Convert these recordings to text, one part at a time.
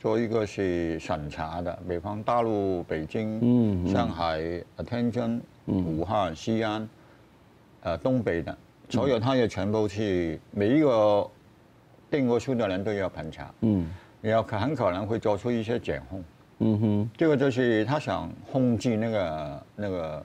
做一個是審查的，比方大陸、北京、嗯、哼上海、嗯哼、天津、武漢、西安，誒、呃、東北的，所有他也全部是每一個訂過書的人都要盤查，嗯、然後佢很可能會做出一些檢控，嗯哼，這個就是他想控制那個那個。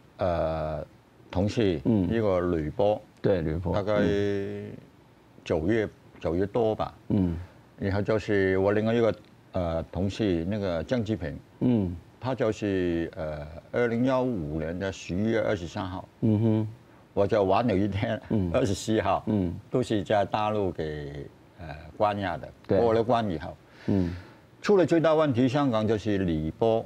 呃、同事呢個呂波，嗯、大概九月九月多吧。然、嗯、後就是我另外一個呃同事，那個張志平，嗯、他就是呃二零幺五年的十月二十三號，嗯、哼我就晚了一天，二十四號、嗯、都是在大陸嘅呃關押的。對過了關以後，嗯、出了最大問題，香港就是李波。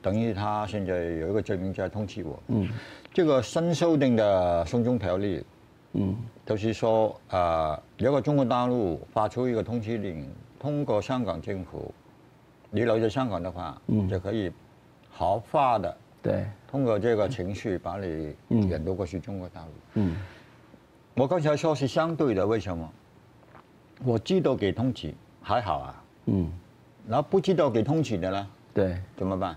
等於他現在有一個罪名在通緝我，嗯，即個新修訂的送中條例，嗯，就是說，啊、呃，如果中國大陸發出一個通緝令，通過香港政府，你留在香港的話，嗯、就可以合法的，對通過這個程序把你引渡過去中國大陸。嗯，我剛才說是相對的，為什麼？我知道給通緝，還好啊，嗯，然後不知道給通緝的呢？對怎麼辦？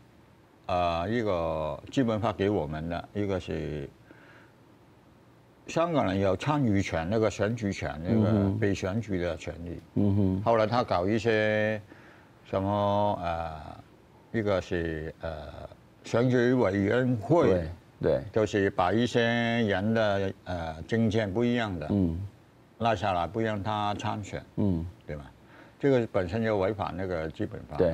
啊、呃！一個基本法給我們的，一個是香港人有參與權，那個選舉權，那個被選舉的權利。嗯哼。後來他搞一些什麼，呃一個是呃選舉委員會，對，對就是把一些人的呃政見不一樣的，嗯，拉下來不讓他參選，嗯，對吧？這個本身就違反那個基本法。對。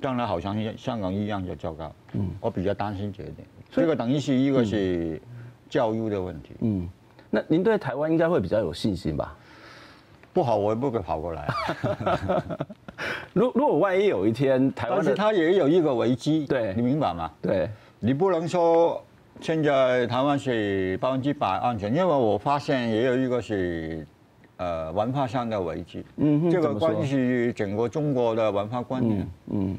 當然，好像香港一樣就糟糕，嗯，我比較擔心這一點，所以這個等於是一個是教育的問題，嗯，那您對台灣應該會比較有信心吧？不好，我也不會跑過來 如果如果萬一有一天台灣，但是它也有一個危機，對你明白嗎？對你不能說現在台灣是百分之百安全，因為我發現也有一個是，呃，文化上的危機，嗯哼，這個關係於整個中國的文化觀念，嗯，嗯。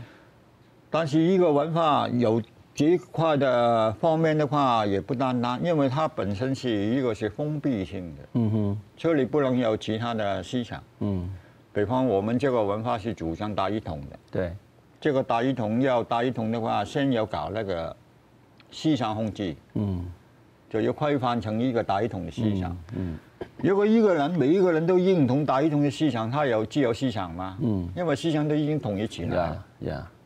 但是一個文化有這一塊的方面的話，也不單單因為它本身是一個是封閉性的。嗯哼，所以不能有其他的思想。嗯，比方我們這個文化是主張大一統的。對，這個大一統要大一統的話，先要搞那個思想控制。嗯，就要規範成一個大一統的思想。嗯，嗯如果一個人每一個人都認同大一統的思想，他有自由思想嘛，嗯，因為思想都已經統一起來了。呀。Yeah, yeah.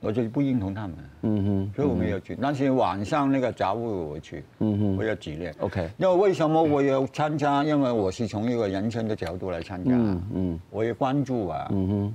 我就不認同他們，嗯哼，所以我沒有去。嗯、哼但是晚上那個雜物我去，嗯哼我要紀錄。O Okay . K，那為什麼我要參加？嗯、因為我是從一個人生的角度來參加，嗯，嗯我也關注啊。嗯哼。